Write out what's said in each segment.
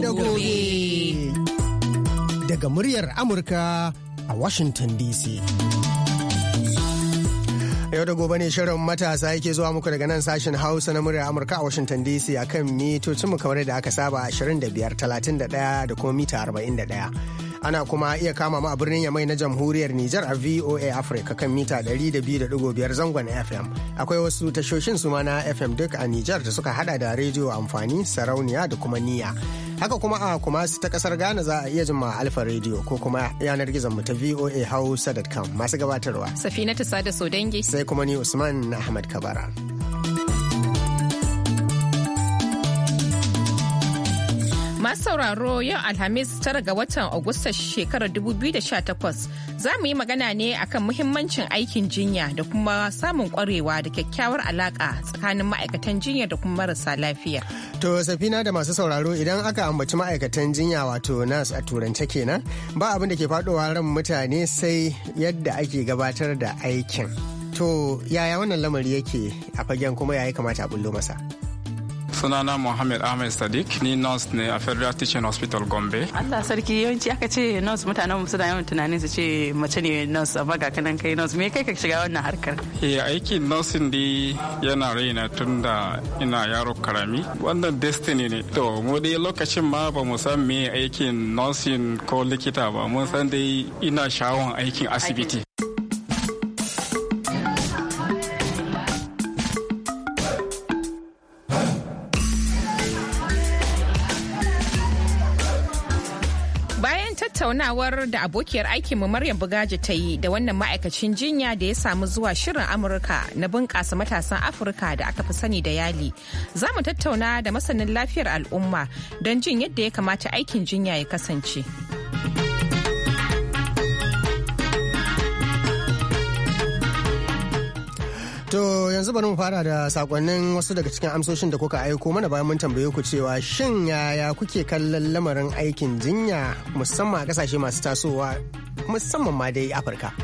da gobe. Daga muryar Amurka a Washington DC. yau da gobe ne shirin matasa yake zuwa muku daga nan sashen hausa na muryar amurka a washington dc akan mitocinmu kamar da aka saba 25 31 da kuma mita 41 ana kuma iya kama mu a birnin yamai na jamhuriyar Nijar a VOA Africa kan mita 200.5 zangon FM. Akwai wasu tashoshin su na FM duk a Nijar da suka hada da rediyo amfani sarauniya da kuma niya. Haka kuma a kuma ta kasar Ghana za a iya jin ma Alfa rediyo ko kuma yanar gizon mu ta VOA Hausa.com masu gabatarwa. Safina Tusa da dangi. Sai kuma ni Usman Ahmad Kabara. Masu sauraro yau Alhamis tara ga watan Agusta shekarar 2018 za mu yi magana ne akan muhimmancin aikin jinya da kuma samun kwarewa da kyakkyawar alaka tsakanin ma'aikatan jinya da kuma marasa lafiya. To safina da masu sauraro idan aka ambaci ma'aikatan jinya wato nas a turance kenan ba abin da ke faɗowa ran mutane sai yadda ake gabatar da aikin. To yaya wannan lamari yake a fagen kuma yayi kamata a bullo masa? sunana Mohammed Ahmed Sadiq ni nurse ne a Federal Teaching Hospital Gombe. Allah sarki yawanci aka ce nurse mutanen mu suna yawan tunanin su ce mace ne nurse amma ga kanan kai nurse me kai ka shiga wannan harkar? Eh aikin nursing dai yana raina tun da ina yaro karami wannan destiny ne. To mu dai lokacin ma ba mu san me aikin nursing ko likita ba mun san dai ina shawon aikin asibiti. tattaunawar da abokiyar aikinmu Maryam Bugaji ta yi da wannan ma'aikacin jinya da ya samu zuwa shirin Amurka na bunƙasa matasan Afirka da aka fi sani da yali. Za mu tattauna da masanin lafiyar al'umma don jin yadda ya kamata aikin jinya ya kasance. To yanzu bari mu fara da sakonnin wasu daga cikin amsoshin da kuka aiko mana bayan mun tambaye ku cewa shin yaya kuke kallon lamarin aikin jinya musamman a kasashe masu tasowa musamman ma dai Afirka.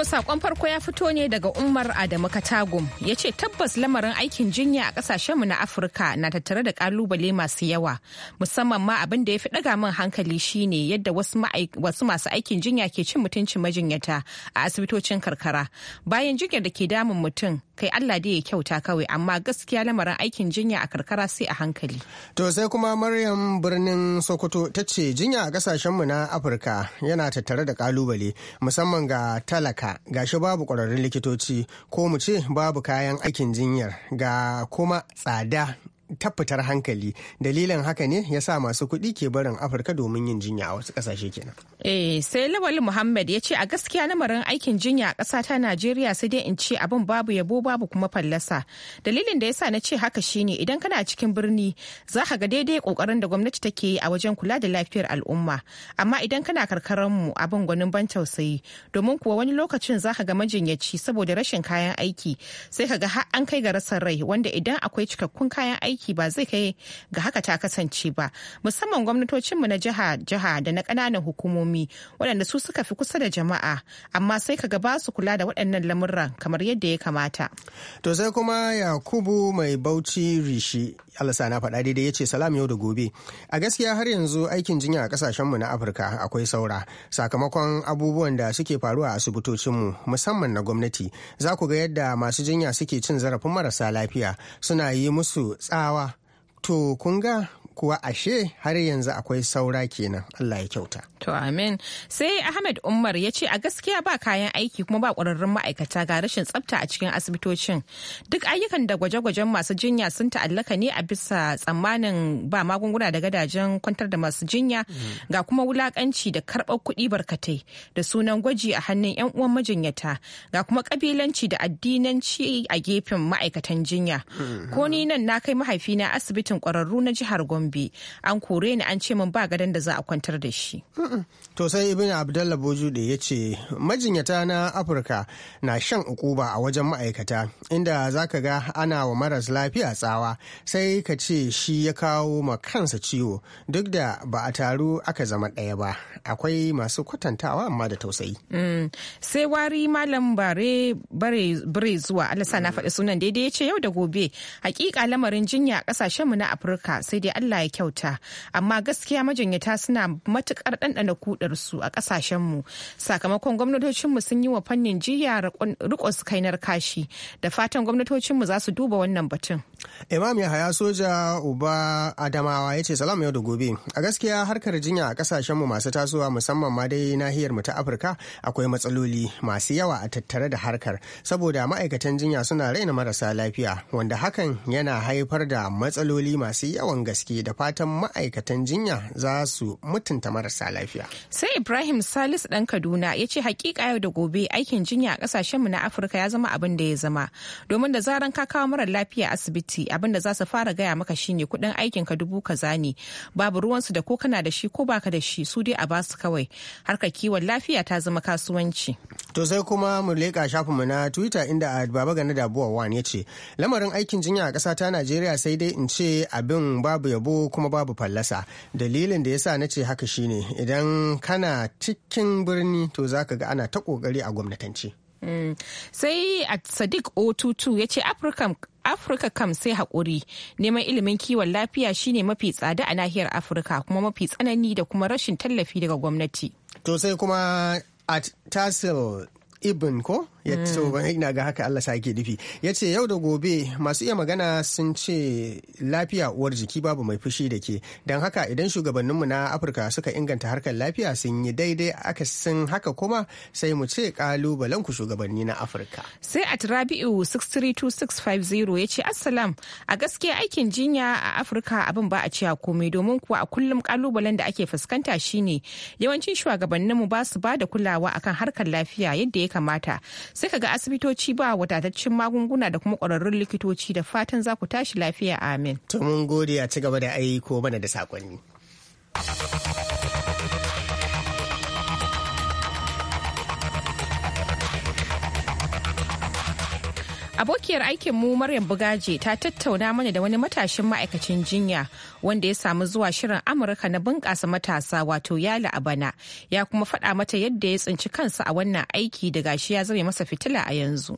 To sakon farko ya fito ne daga Umar Adamu Katagum ya ce tabbas lamarin aikin jinya a kasashenmu na Afirka na tattare da kalubale masu yawa musamman ma abin da ya fi daga min hankali shine yadda wasu masu aikin jinya ke cin mutuncin majinyata a asibitocin karkara bayan jinyar da ke damun mutum kai Allah dai ya kyauta kawai amma gaskiya lamarin aikin jinya a karkara sai a hankali. To sai kuma Maryam birnin Sokoto ta ce jinya a mu na Afirka yana tattare da kalubale musamman ga talaka ga shi babu kwararrun likitoci ko mu ce babu kayan aikin jinyar ga kuma tsada tabbatar hankali dalilin haka ne ya sa masu kuɗi ke barin afirka domin yin jinya a wasu ƙasashe kenan eh sai lawal muhammad ya ce a gaskiya lamarin aikin jinya a ƙasa ta najeriya sai dai in ce abin babu yabo babu kuma fallasa dalilin da ya sa na ce haka shine idan kana cikin birni za ka ga daidai kokarin da gwamnati take yi a wajen kula da lafiyar al'umma amma idan kana karkaran mu abin gwanin ban tausayi domin kuwa wani lokacin za ka ga majinyaci saboda rashin kayan aiki sai ka ga har an kai ga rasa rai wanda idan akwai cikakkun kayan aiki aiki ba zai kai ga haka ta kasance ba musamman gwamnatocinmu na jiha-jiha da na ƙananan hukumomi waɗanda su suka fi kusa da jama'a amma sai ka ba su kula da waɗannan lamurran kamar yadda ya kamata. To sai kuma Yakubu mai bauchi rishi alasa na faɗa daidai ya ce salam yau da gobe a gaskiya har yanzu aikin jinya a ƙasashenmu na Afirka akwai saura sakamakon abubuwan da suke faruwa a asibitocinmu musamman na gwamnati za ku ga yadda masu jinya suke cin zarafin marasa lafiya suna yi musu tsawa talakawa to kun ga kuwa ashe har yanzu akwai saura kenan Allah ya kyauta. To amin. Sai Ahmed Umar ya ce a gaskiya ba kayan aiki kuma ba ƙwararrun ma'aikata ga rashin tsafta a cikin asibitocin. Duk ayyukan da gwaje-gwajen masu jinya sun ta'allaka ne a bisa tsammanin ba magunguna da gadajen kwantar da masu jinya ga kuma wulakanci da karɓar kuɗi barkatai da sunan gwaji a hannun 'yan uwan majinyata ga kuma ƙabilanci da addinanci a gefen ma'aikatan jinya. Ko ni nan na kai mahaifina asibitin ƙwararru na jihar Gombe. gombe an kore ni an ce min ba gadon da za a kwantar da shi to sai ibn Abdullah bojude ya ce majinyata na afirka na shan ukuba a wajen ma'aikata inda za ka ga ana wa maras lafiya tsawa sai ka ce shi ya kawo ma kansa ciwo duk da ba a taru aka zama ɗaya ba akwai masu kwatantawa amma da tausayi mm. sai wari malam bare bare zuwa alasa na faɗi sunan daidai ya ce yau da gobe hakika lamarin jinya a ƙasashenmu na afirka sai dai allah Allah ya kyauta amma gaskiya majinyata suna matukar ɗanɗana kudar su a ƙasashen mu sakamakon gwamnatocin mu sun yi wa fannin jiya rikon kainar kashi da fatan gwamnatocin mu za su duba wannan batun imam yahaya soja uba adamawa ya ce salam yau da gobe a gaskiya harkar jinya a kasashenmu masu tasowa musamman ma dai nahiyar mu ta afirka akwai matsaloli masu yawa a tattare da harkar saboda ma'aikatan jinya suna raina marasa lafiya wanda hakan yana haifar da matsaloli masu yawan gaske da fatan ma'aikatan jinya za su mutunta marasa lafiya sai ibrahim salisu ɗan kaduna ya ce hakika yau da gobe aikin jinya a kasashenmu na afirka ya zama abin da ya zama domin da zaran ka kawo mara lafiya asibiti gwamnati abin za su fara gaya maka shine kuɗin aikin ka dubu ka ne babu ruwansu da ko kana da shi ko baka da shi su dai a basu kawai harkar kiwon lafiya ta zama kasuwanci. To sai kuma mu shafin mu na Twitter inda Baba Gani da Wan ya ce lamarin aikin jinya a ƙasa ta Najeriya sai dai in ce abin babu yabo kuma babu fallasa dalilin da yasa na ce haka shine idan kana cikin birni to zaka ga ana ta kokari a gwamnatance. Mm. sai a sadiq o 22 ya ce Afirka kam sai haƙuri neman ilimin kiwon lafiya shine mafi tsada a nahiyar Afirka kuma mafi tsanani da kuma rashin tallafi daga gwamnati. To sai kuma at Tasil Ibn ko ya mm. so ina ga haka Allah sa yake nufi ya ce yau da gobe masu iya magana sun ce lafiya uwar jiki babu mai fushi da ke don haka idan shugabanninmu na afirka suka inganta harkar lafiya sun yi daidai aka sun haka kuma sai mu ce kalubalen ku shugabanni na afirka sai a rabi'u 632650 ya ce assalam a gaskiya aikin jinya a afirka abin ba a cewa komai domin kuwa a kullum kalubalen da ake fuskanta shine yawancin shugabanninmu ba su ba da kulawa akan harkar lafiya yadda ya kamata sai ka ga asibitoci ba wadataccen magunguna da kuma ƙwararrun likitoci da fatan za ku tashi lafiya amin to mun gode a ci gaba da aiko mana da saƙonni Abokiyar aikin mu Maryam Bugaje ta tattauna mana da wani matashin ma'aikacin jinya wanda ya samu zuwa shirin Amurka na bunƙasa matasa wato Yala bana ya kuma faɗa mata yadda ya tsinci kansa a wannan aiki da gashi ya zame masa fitila a yanzu.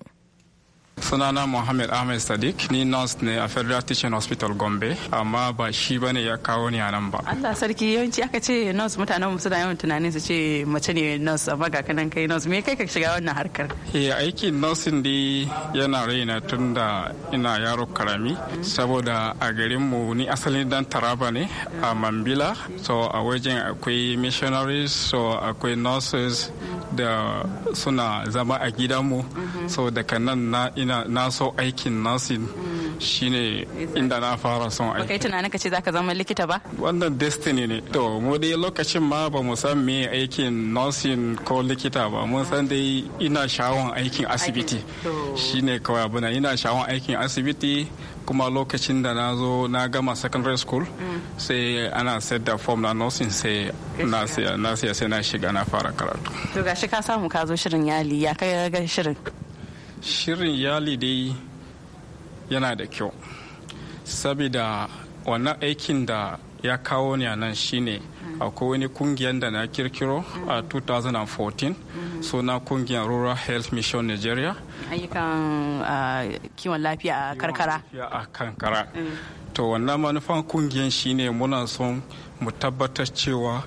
sunana Muhammad Ahmed Sadiq ni nurse ne a Federal Teaching Hospital Gombe amma ba shi bane ya kawo ni a nan ba. Allah sarki yawanci aka ce nurse mutanen mu suna yawan tunanin su ce mace ne nurse amma ga kanan kai nurse me kai ka shiga wannan harkar? Eh aikin nurse din yana raina tun da ina yaro karami saboda a garin mu ni asalin dan Taraba ne a Mambila so a wajen akwai missionaries so akwai nurses da suna zama a gidan mu so daga nan na na so aikin nursing hmm. shine inda na fara son aiki. Baka yi tunanin ka ce zaka zama likita ba? Wannan destiny ne. To mu dai lokacin ma ba mu san me aikin nursing ko likita ba mun san dai ina shawon aikin asibiti. Shine kawai abuna ina shawon aikin asibiti kuma lokacin da na zo na gama secondary school hmm. sai ana set da form na nursing sai na siya sai na shiga na fara karatu. To gashi ka samu ka zo shirin yali ya kai ga shirin. shirin yali dai yana da kyau saboda wannan aikin da ya kawo ni a nan shine akwai wani kungiyar da na kirkiro a 2014 suna kungiyar rural health mission nigeria ayyukan ah, kiwon lafiya a karkara a kankara mm. to wannan manufan kungiyar shine muna son mu tabbatar cewa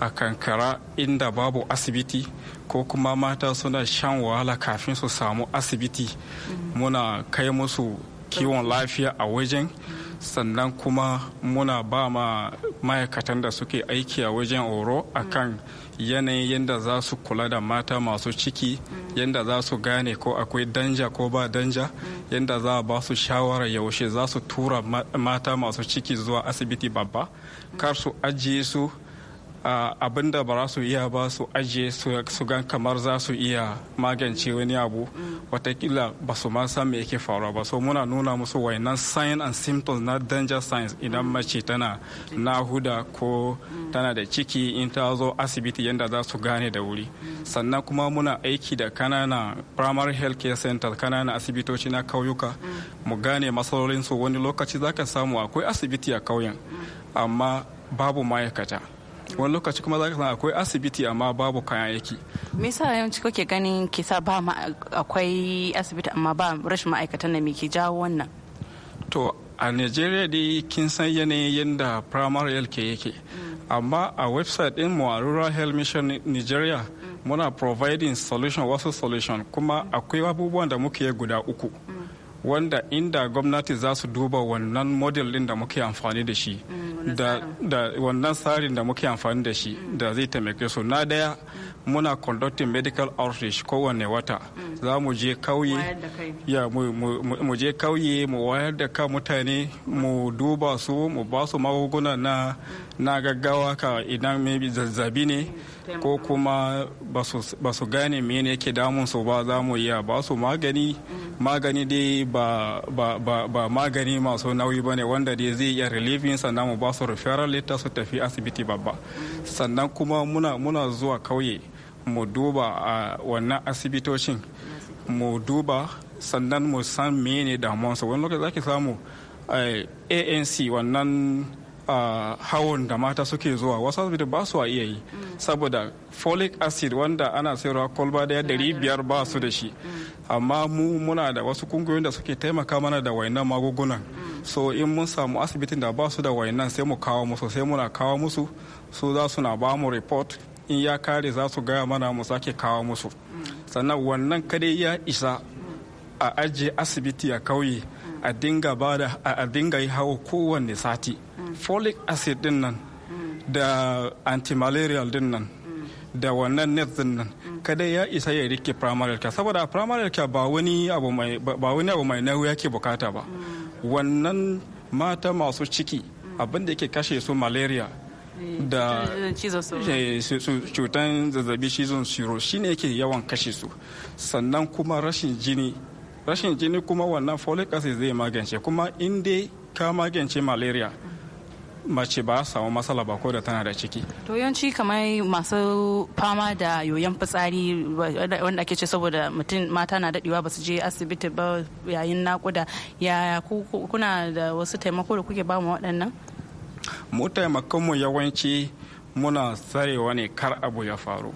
a kankara inda babu asibiti ko kuma mata suna shan wahala kafin su samu asibiti muna kai musu kiwon lafiya a wajen sannan kuma muna ba ma ma'aikatan da suke aiki a wajen oro akan yanayin yadda za su kula da mata masu ciki yadda za su gane ko akwai danja ko ba danja yadda za a ba su shawara yaushe za su tura mata masu ciki zuwa asibiti babba kar su ajiye su abin da ba su iya ba su ajiye su gan kamar za su iya magance wani abu watakila ba su ma san me yake faruwa ba so muna nuna musu wainan sign and symptoms na danger signs idan mace tana nahuda ko tana da ciki in ta zo asibiti yadda za su gane da wuri sannan kuma muna aiki da kanana primary health care center kanana asibitoci na kauyuka mu gane matsalolinsu wani lokaci za ka samu akwai asibiti a kauyen amma babu ma'aikata wani lokaci kuma za ka san akwai asibiti amma babu kayan aiki. me yasa yawanci kake ganin kisa ba akwai asibiti amma ba rashin ma'aikatan da me ke jawo wannan to a nigeria dai kin san yanayin yadda primary health yake mm. amma a website din mu a rural health mission nigeria mm. muna providing solution wasu solution kuma akwai abubuwan da muke guda uku mm. wanda inda gwamnati za su duba wannan model din da muke amfani da shi mm. da wannan tsarin da muke amfani da shi da zai taimake su na daya muna conducting medical outreach kowane wata za mu je kauye ya mu je kauye mu wayar da kan mutane mu duba su mu ba su magunguna na na gaggawa ka idan maybe zazzabi ne ko kuma ba su gane mene yake damun su ba za mu iya ba su magani magani dai ba, magani masu nauyi ba ne wanda dai zai iya relieving sannan mu ba su referral letter su tafi asibiti babba sannan kuma muna, muna zuwa kauye mu duba a wannan asibitocin mu duba sannan mu san mene su wani lokaci zaki samu eh, anc wannan a hawan da mata suke zuwa wasu asibiti ba su iya yi mm. saboda folic acid wanda ana sayarwa kwalba daya dari biyar ba su da shi mm. amma mu muna da wasu kungiyoyin da suke taimaka mana da wainan magungunan mm. so in mun samu asibitin da ba su da wainan sai mu kawo musu sai muna kawo musu su za su na ba mu report in ya kare za su gaya mana mu sake kawo musu sannan wannan kadai ya isa a ajiye asibiti a kauye a dinga ba da a dinga yi hawa kowanne sati mm. folic acid din nan mm. da antimalarial din nan mm. da wannan net din nan kada ya isa ya rike primary care saboda primary care ba wani abu mai ba wani abu mai nauyi yake bukata ba wannan mata masu ciki abin da yake kashe su malaria eh, da cutan eh, zazzabi cizon siro shine yake yawan kashe su sannan kuma rashin jini rashin jini kuma wannan folic acid zai magance kuma in dai ka magance malaria mace ba samu matsala ba ko da tana da ciki. To yawanci kamar masu fama da yoyon fitsari wanda ake ce saboda mutum mata na dadewa ba su je asibiti ba yayin nakuda ya kuna da wasu taimako da kuke ba mu waɗannan? Mu taimakonmu yawanci muna tsarewa ne kar abu ya faru.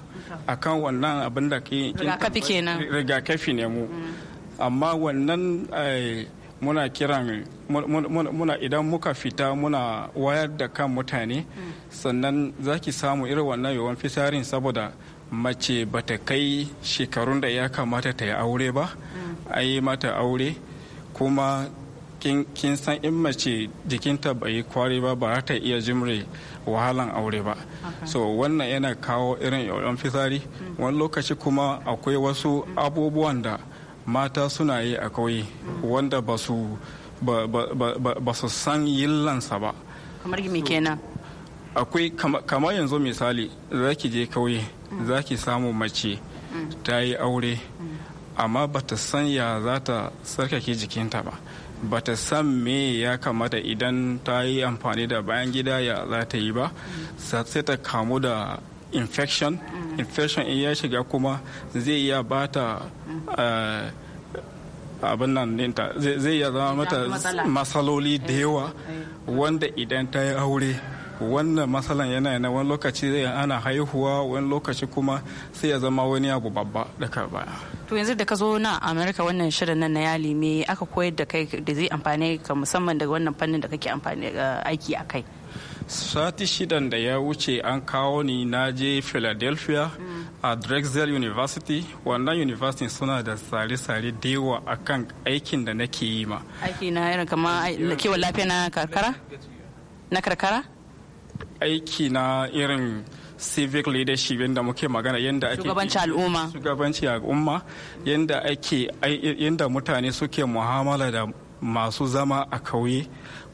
Akan wannan abin da ke rigakafi ne mu. Mm. amma wannan eh, muna kiran muna idan muka fita muna wayar da kan mutane sannan za ki samu irin wannan yawan fisarin saboda mace ba ta kai shekarun da ya kamata ta yi aure ba a yi mata aure kuma kin san in mace jikinta bai yi kwari ba ba ta iya jimre wahalan aure ba so wannan yana kawo irin yawan fisari wani lokaci kuma akwai wasu abubuwan da mata suna yi a ƙauye wanda ba su ba san yillansa ba kamar gimi kenan akwai kamar yanzu misali za ki je kauye mm. za ki samu mace mm. ta yi aure mm. amma ba ta san ya za ta sarkake jikinta ba ba ta san me ya kamata idan ta yi amfani da bayan gida ya za ta yi ba sai ta kamu da infection infection in ya shiga kuma zai iya bata eh, abin nan ninta zai iya zama mata matsaloli da yawa eh, eh. wanda idan ta yi aure wannan matsalan yana yana wani lokaci zai ana haihuwa wani lokaci kuma sai ya zama wani abu babba daga baya to yanzu da ka zo na amerika wannan shirin nan na yali me aka koyar da kai da zai amfani ka musamman daga wannan fannin da kake amfani aiki a kai sati shidan da ya wuce an kawo ni na je philadelphia a drexel university wannan university suna da tsare-tsare dewa akan aikin da nake yi ma aiki na irin kama kiwon lafiya na karkara na karkara aiki na irin civic leadership yadda muke magana yadda ake shugabanci al'umma shugabanci al'umma yadda ake yadda mutane suke muhammala da masu zama a kauye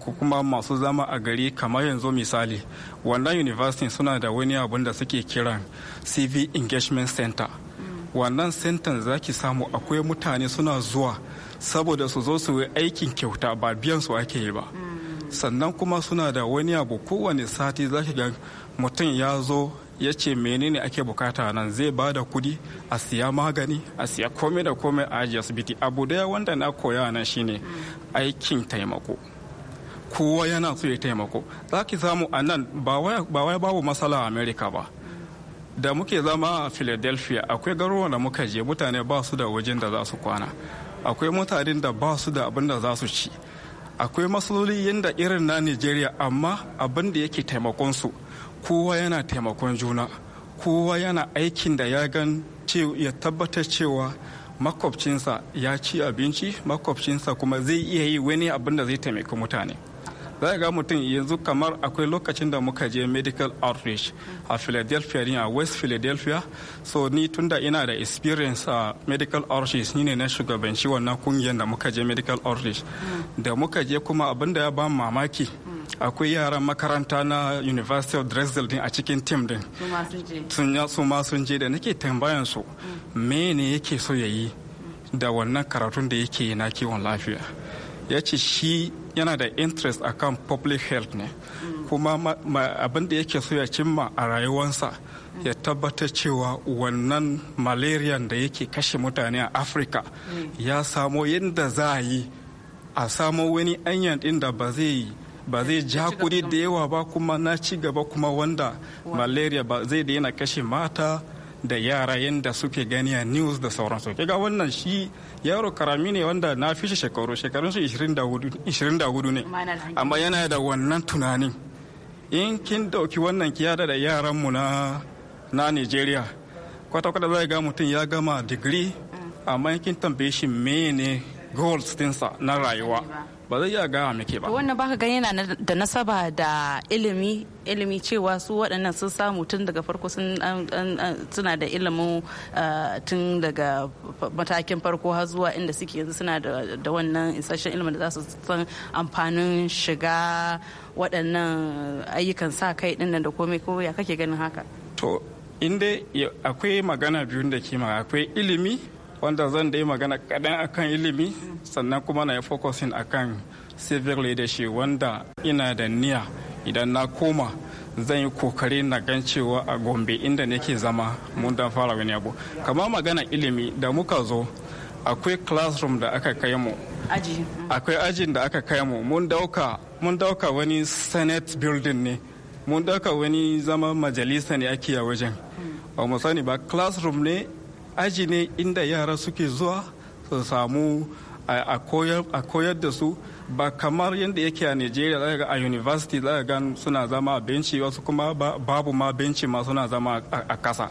ko kuma masu zama a gari kamar yanzu misali wannan university suna da wani abun da suke kiran cv engagement center wannan center za ki samu akwai mutane suna zuwa saboda su zo su yi aikin kyauta ba biyan su ake yi ba sannan kuma suna da wani abu kowane sati za ki ga mutum ya zo ya ce menene ake bukata nan zai ba da kudi a siya magani a siya komai da komai a ajiye asibiti abu daya wanda na koya nan shine aikin taimako kowa yana so ya taimako za ki samu a nan ba wai babu matsala a america ba da muke zama a philadelphia akwai garuwa da muka je mutane ba su da wajen da za su kwana akwai mutanen da ba su da abin da za su ci akwai matsaloli yadda irin na nigeria amma abin da yake taimakon su kowa yana taimakon juna kowa yana aikin da ya gan ya tabbatar cewa makwabcinsa ya ci abinci makwabcinsa kuma zai iya yi wani abin da zai taimaki mutane za ga mutum yanzu kamar akwai lokacin da muka je medical outreach a philadelphia ne a west philadelphia so ni tunda ina da experience a medical outreach ni ne na shugabanci wannan kungiyar da muka je medical outreach da muka je kuma abin da ya ba mamaki akwai yaran makaranta na university of Dresden din a cikin tim din su ma sun je da nake tambayan su mene yake so ya yi da wannan karatun da yake na kiwon lafiya ya ce shi yana da interest kan public health ne kuma abin da yake so ya cimma a rayuwansa ya tabbatar cewa wannan malarian da yake kashe mutane a afirka ya samo yadda za a yi a samo wani anyan din da ba zai ba zai ja kuɗi da yawa ba kuma na ci gaba kuma wanda malaria ba zai daina kashe mata da yara yadda suke gani a news da sauransu kiga wannan shi yaro karami ne wanda na fi shi shekaru shekarun su 24 ne amma yana da wannan tunanin in kin dauki wannan kiyada da yaranmu na na Nigeria kwata-kwata zai ga mutum ya gama digiri mm. amma kin tambaye shi mene gold dinsa na rayuwa ba zai iya gaya muke ba wannan baka gani yana da nasaba da ilimi ilimi cewa su waɗannan sun samu tun daga farko suna da ilimin eh, tun daga matakin farko har zuwa inda suke yanzu suna da wannan isasshen ilimin da za su san amfanin shiga waɗannan ayyukan sa kai ɗin da komai ko ya kake ganin haka to in akwai magana biyun da ke akwai ilimi wanda zan da magana kaɗan akan ilimi sannan kuma na yi focusing akan civil leadership wanda ina da niyya idan na koma zan yi kokari na gan cewa a gombe inda nake zama mun dan fara wani abu kamar magana ilimi da muka zo akwai classroom da aka kai mu akwai ajin da aka kai mu mun dauka wani senate building ne mun dauka wani zaman majalisa ne ake a wajen ba mu sani ba classroom ne aji ne inda yara suke zuwa su samu a koyar da su ba kamar yadda yake a nigeria a university za gan suna zama a benci wasu kuma babu ma benci ma suna zama a kasa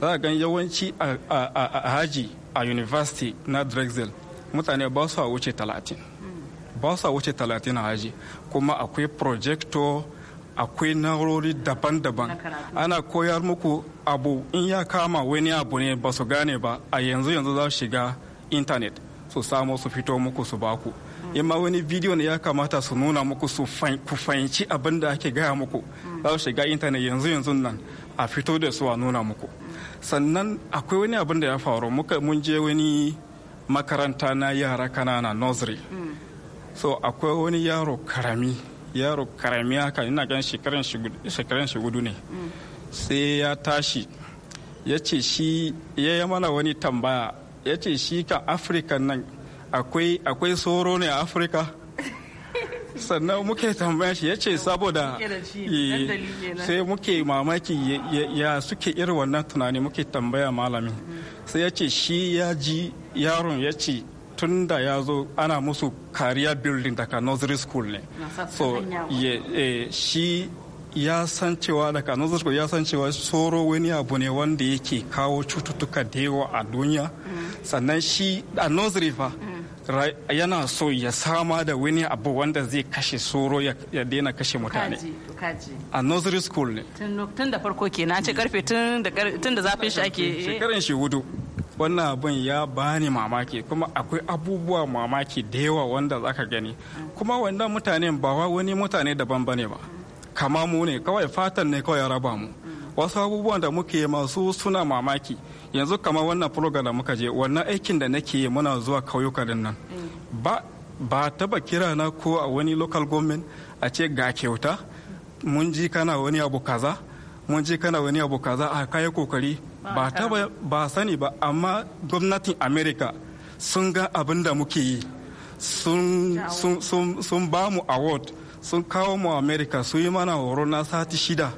za gan yawanci a haji a university na drexel mutane ba su wuce talatin ba su wuce talatin a haji kuma akwai projector akwai narori daban-daban ana koyar muku abu in ya kama wani abu ne ba su gane ba a yanzu yanzu za su shiga intanet su samo su fito muku su baku hmm. in ma wani bidiyo ne ya kamata su nuna muku su ku fahimci abin da ake gaya muku hmm. za su shiga intanet yanzu yanzu nan a fito da su a nuna muku hmm. sannan akwai wani abin da ya faru muka mun je wani makaranta na yara kanana nursery so akwai wani yaro karami yaro karami haka ina gan shekaran shi gudu ne mm. sai ya tashi ya ce shi ya yi mana wani tambaya ya ce shi ka afirka nan akwai soro ne a afirka sannan muke tambaya shi ya ce saboda eh, sai muke mamaki ya suke irin wannan tunani muke tambaya malami mm. sai ya ce shi ya ji yaron ya ce tun da ya zo ana musu career building daga nursery school ne so eh, shi ya san cewa daga nursery school ya san cewa soro wani abu ne wanda yake kawo cututtuka da yawa a duniya mm. sannan shi a nursery fa mm. yana so ya sama da wani abu wanda zai kashe soro ya daina kashe mutane a nursery school ne tun da farko na ce karfe tun da zafin shi ake eh. shekaran shi hudu wannan abin ya bani mamaki kuma akwai abubuwa mamaki da yawa wanda zaka gani kuma wannan mutanen ba wani mutane daban bane ba kama mu ne kawai fatan ne kawai raba mu wasu abubuwan da muke masu suna mamaki yanzu kama wannan program da muka je wannan aikin da nake yi muna zuwa kauyuka din nan ba ba taba kira na ko a wani local government a ce ga kyauta mun ji kana wani abu kaza mun ji kana wani abu kaza a kai kokari ba taba ba sani ba amma gwamnatin america sun ga abin da muke yi sun ba mu award sun kawo mu america sun yi mana horo na sati shida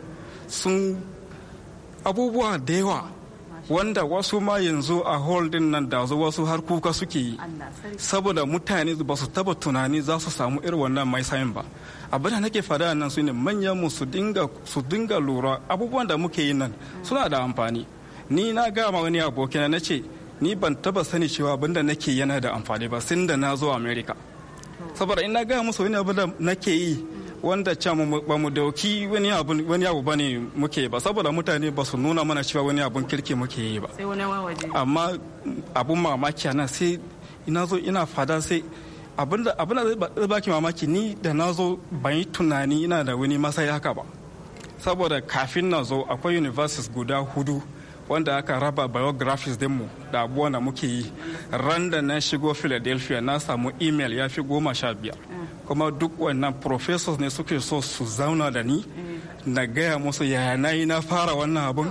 sun abubuwa da yawa wanda wasu ma yanzu a holding nan da wasu har kuka suke yi saboda mutane ba su taba tunani za su samu irin wannan mai sayin ba abin da nake fada nan su ne manyan mu su dinga lura abubuwan da muke yi nan suna da amfani ni na gama wani abokina na ce ni ban taba sani cewa abinda nake yana da amfani ba sun da na zo america saboda ina gaya musu wani abu da nake yi wanda can ba mu dauki wani abu wani abu bane muke ba saboda mutane ba su nuna mana cewa wani abun kirki muke yi ba amma abun mamaki nan sai ina zo ina fada sai abin da zai baki mamaki ni da na zo ban yi tunani ina da wani masai haka ba saboda kafin na zo akwai universities guda hudu wanda aka raba biographies dinmu da abubuwan da muke yi ran da na shigo philadelphia na samu email ya fi goma sha biyar kuma duk wannan professors ne suke so su zauna da ni na gaya musu yaya na yi na fara wannan abun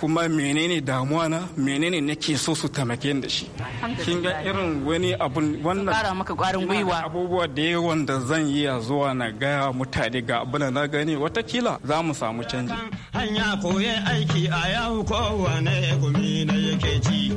kuma menene damuwa na menene nake so su taimake da shi kin ga irin wani abun wannan abubuwa da yawan da zan yi a zuwa na ga mutane ga abin na gani watakila za mu samu canji hanya koye aiki a yau kowane gumi na yake ci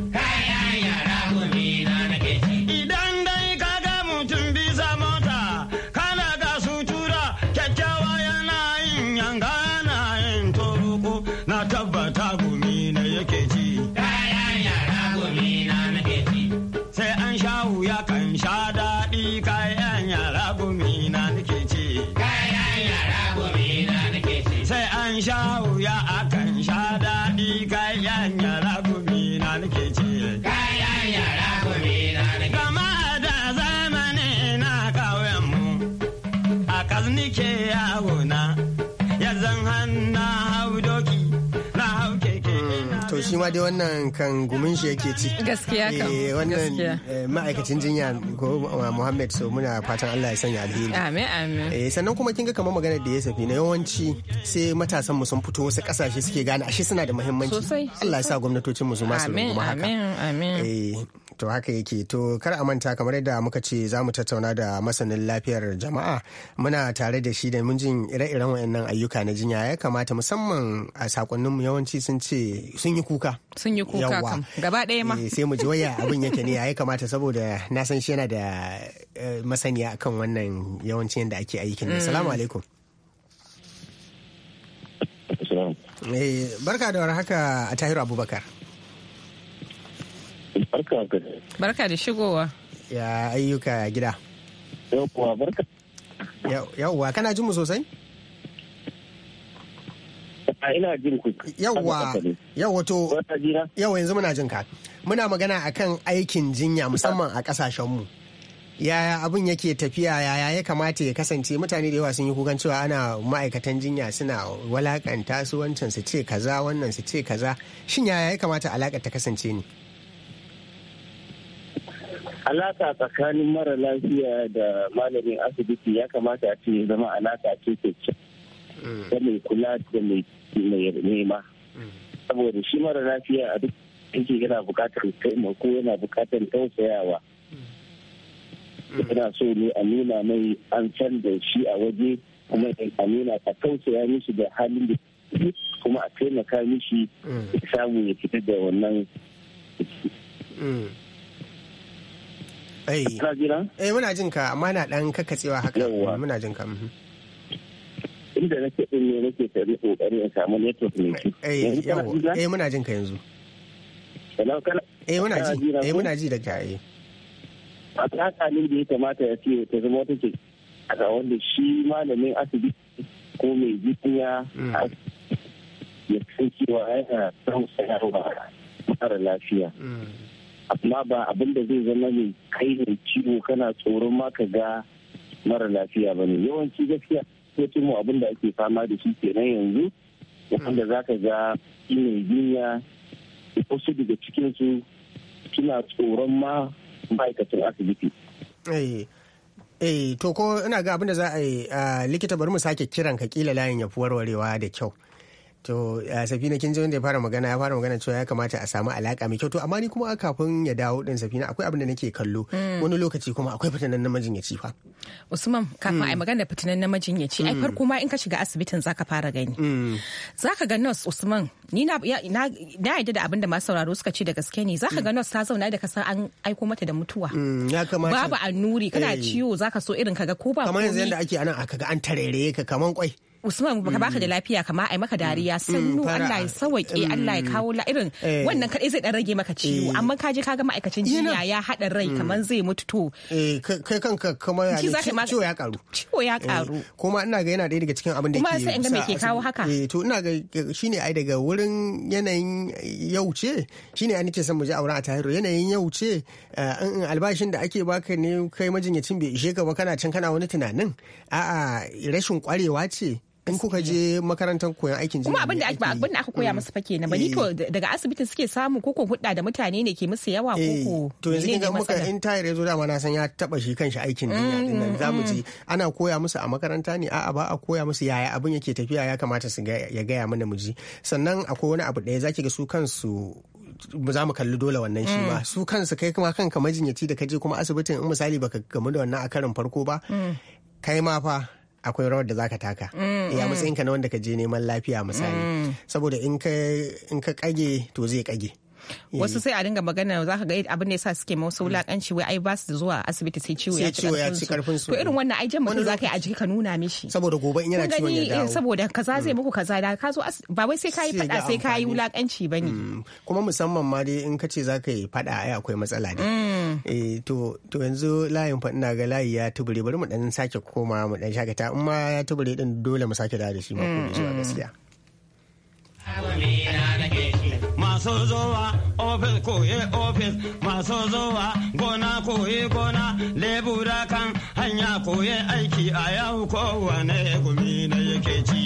ma dai wannan kan gumin shi yake ci gaskiya kan eh, wannan eh, ma'aikacin jinya ko eh, Muhammad so muna fatan Allah ya sanya alheri amin amin eh sannan kuma kinga kamar magana da ya safi na yawanci sai matasan mu sun fito wasu kasashe suke gane ashe suna da muhimmanci Allah ya sa gwamnatocin mu su ma su haka eh to haka yake to kar a manta kamar yadda muka ce za mu tattauna da masanin lafiyar jama'a muna tare da shi da mun jin ire-iren wayannan ayyuka na jinya ya kamata musamman a sakonnin mu yawanci sun ce sun yi kuka sun yi kuka kam gaba ɗaya ma eh, sai mu ji waya abin yake ne ya kamata saboda na san shi yana da eh, masaniya akan wannan yawancin yadda ake aikin mm. assalamu alaikum eh, barka da warhaka a tahiru abubakar Barka da shigowa. Ya ayyuka gida. Yauwa barka. Yauwa kana jin mu sosai? Ah, ina jin ku. yauwa yawwa to, yawwa yanzu muna jin ka. Muna magana akan aikin jinya musamman a kasashenmu. Yaya abin yake tafiya yaya ya kamata ya kasance mutane da yawa sun yi kukan cewa ana ma'aikatan jinya suna walakanta su wancan su ce kaza wannan su ce kaza shin yaya ya kamata alaƙar ta kasance ne? alaka tsakanin mara lafiya da malamin asibiti ya kamata a ce zama alaka ce ce mm. da mai kula da mai nema mm. saboda shi mara lafiya a duk yake yana bukatar taimako yana bukatar tausayawa yana mm. so ne a nuna mai an canza shi a waje kuma a nuna a tausaya mishi da halin da kuma a taimaka mishi samu ya fita da wannan Kana jina? Eh muna jin ka amma na dan kakatsewa haka. Yawwa. Muna jin ka. Mhm. Inda nake din ne nake tare kokari in samu network ne. Eh yawwa. Eh muna jin ka yanzu. Hello kana? Eh muna ji. Eh muna ji da kai. Eh. A tsaka ne da ya kamata ya ce ta zama wata ce a ga wanda shi malamin asibiti ko mai jikiya mm. ya san cewa yana son sanarwa mara lafiya. Mm. amma ba abin da zai zama mai kai mai ciwo kana tsoron ma ka ga mara lafiya ba ne yawanci gaskiya ko mu abin da ake fama da shi kenan yanzu wanda za ka ga ina jinya wasu daga cikinsu suna tsoron ma ma'aikatan asibiti. Eh, eh to ko ina ga abin da za a yi likita bari mu sake kiran ka kila layin ya fi warwarewa da kyau. To Safina kin ji wanda ya fara magana ya fara magana cewa ya kamata a samu alaka mai kyau to amma ni kuma kafin ya dawo din Safina akwai abin da nake kallo mm. wani lokaci kuma akwai fitinan namijin ya ci fa. Usman kafin ai mm. magana fitinan namijin ya ci ai mm. farko ma in ka shiga asibitin zaka fara gani. Zaka ga nurse Usman ni na na yadda da abin da masu sauraro suka ce da gaske ne zaka ga nurse ta zauna da kasar an aiko mata da mutuwa. Ya kamata. Babu annuri kana eh. ciwo zaka so irin kaga ko ba. Kamar yanzu yanda ake anan aka ga an tarere ka kaman kwai. usman ka mm. baka da lafiya kama ai maka dariya mm. sannu mm, Allah ya sawake Allah ya kawo la irin eh. wannan kadai zai dan rage maka ciwo eh. amma ka je ka ga ma'aikacin jinya ya hada rai kaman zai mutu to eh, kai kanka kamar ya ciwo ya karu ciwo ya karu kuma ina ga yana daya daga cikin abin da ke kuma sai in ga me ke kawo haka to ina ga shine ai daga wurin yanayin yau ce shine an ce san mu je auren a tahiru yanayin yau ce in albashin da ake baka ne kai majinyacin bai ishe ka ba kana can kana wani tunanin a'a rashin kwarewa ce in kuka je makarantar koyon aikin jini kuma abin da aka koya mm. musu fake na bani to eh. daga asibiti suke samu koko hudda da mutane ne ke musu yawa Koko eh. to yanzu kinga muka in tayar yazo dama na san ya taba shi kanshi aikin jinya din nan mm, zamu mm, ji ana koya musu a makaranta ne a'a ba a koya musu yaya abin yake tafiya ya kamata su ya gaya mana mu ji sannan akwai wani abu ɗaya zaki ga su kansu za mu kalli dole wannan shi ba su kansu kai kuma kanka majinyaci da ka je. kuma asibitin in misali baka gamu da wannan a karin farko ba kai ma fa akwai rawar da zaka taka ya mm, eh, mm. matsayinka na wanda ka je neman lafiya misali mm. saboda in ka kage to zai kage Eh. wasu sai a dinga magana za ka ga abin da yasa suke ma wasu wulakanci wai ai ba su zuwa asibiti sai ciwo ya ci karfin su to irin wannan ai jan mutum za ka yi a jiki ka nuna mishi saboda gobe in yana ciwon ya eh, dawo saboda kaza zai mm. muku kaza da ka zo ba wai sai ka yi fada sai ka yi wulakanci ne mm. kuma musamman ma dai in ka ce za ka yi fada ai akwai matsala ne mm. eh, to to yanzu layin fa ina ga layi ya tubure bari mu dan sake koma mu dan shakata in ma ya tubure din dole mu sake dawo da shi ma ko gaskiya masu zowa ofis koye ofis masu zuwa gona koye gona lebura kan hanya koye aiki a yau kowane gumi na yake ci.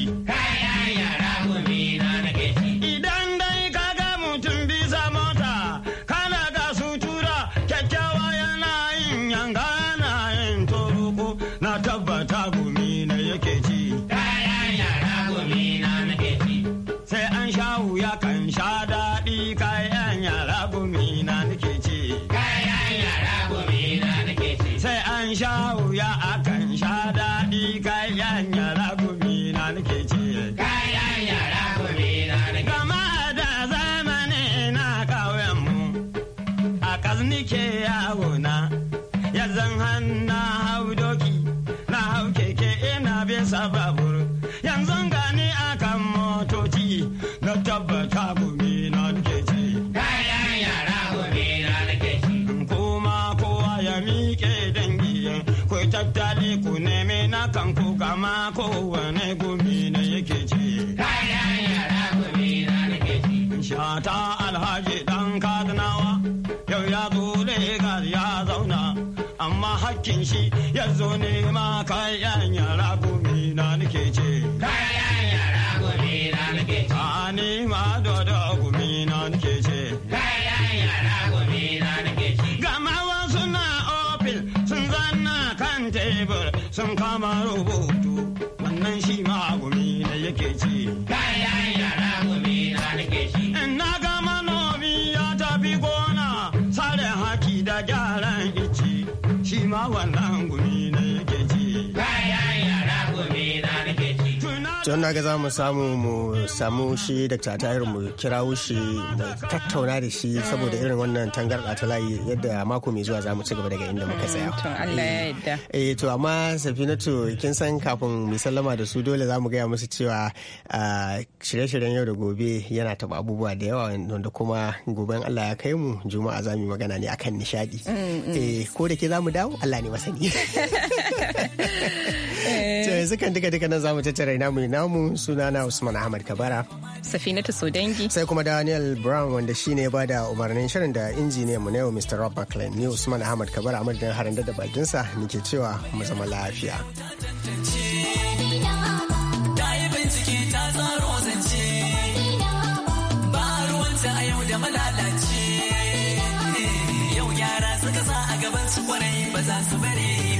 mata alhaji dan kadanawa yau ya zo legas ya zauna amma hakkin shi ya zo nema kayan yara gumi na kayan yara gumi na nake ce ni ma dodo gumi na nake ce gama wasu na ofil sun zanna kan tebur sun kama rubutu don na ga za mu samu mu samu shi da mu kirawo shi mu tattauna da shi saboda irin wannan tangarɗa ta layi yadda mako mai zuwa za mu ci gaba daga inda muka tsaya. Mm, to Allah ya yarda. Eh to amma Safinatu kin san kafin mu sallama da su dole za mu gaya musu cewa shirye-shiryen yau da gobe yana taɓa abubuwa da yawa wanda kuma goben Allah ya kai mu Juma'a za mu magana ne akan nishaɗi. Mm, mm. Eh ko da ke za mu dawo Allah ne masani. Eh, yanzu kan duka duka nan zamu tattara ina mai namu suna na Usman Ahmad Kabara. Safinatu Sodangi. Sai kuma Daniel Brown wanda shi ne ya bada umarnin shirin da injiniyan mu na yau Mr. Rob McLean ni Usman Ahmad Kabara a madadin haran da bakinsa ke cewa mu zama lafiya. yau yara suka a gaban kwarai ba za su bari